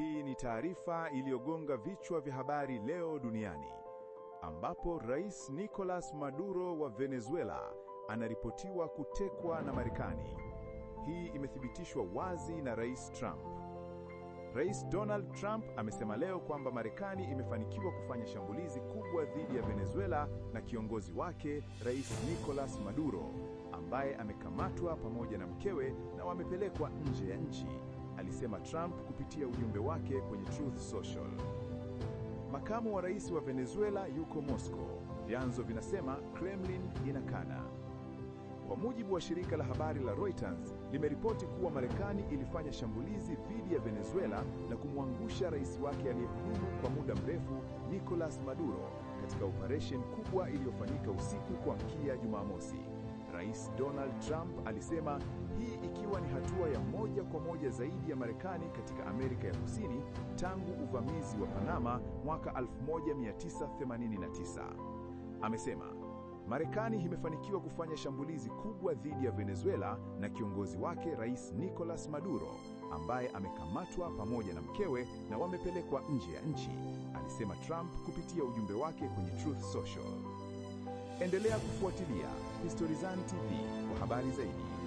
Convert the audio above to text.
Hii ni taarifa iliyogonga vichwa vya habari leo duniani, ambapo Rais Nicolas Maduro wa Venezuela anaripotiwa kutekwa na Marekani. Hii imethibitishwa wazi na Rais Trump. Rais Donald Trump amesema leo kwamba Marekani imefanikiwa kufanya shambulizi kubwa dhidi ya Venezuela na kiongozi wake Rais Nicolas Maduro ambaye amekamatwa pamoja na mkewe na wamepelekwa nje ya nchi alisema Trump kupitia ujumbe wake kwenye Truth Social. Makamu wa rais wa Venezuela yuko Moscow, vyanzo vinasema Kremlin inakana. Kwa mujibu wa shirika la habari la Reuters, limeripoti kuwa Marekani ilifanya shambulizi dhidi ya Venezuela na kumwangusha rais wake aliyehudumu kwa muda mrefu Nicolas Maduro katika operesheni kubwa iliyofanyika usiku kwa mkia Jumamosi. Rais Donald Trump alisema hii ikiwa moja kwa moja zaidi ya Marekani katika Amerika ya Kusini tangu uvamizi wa Panama mwaka 1989. Amesema Marekani imefanikiwa kufanya shambulizi kubwa dhidi ya Venezuela na kiongozi wake Rais Nicolas Maduro ambaye amekamatwa pamoja na mkewe na wamepelekwa nje ya nchi, alisema Trump kupitia ujumbe wake kwenye Truth Social. Endelea kufuatilia Historizan TV kwa habari zaidi.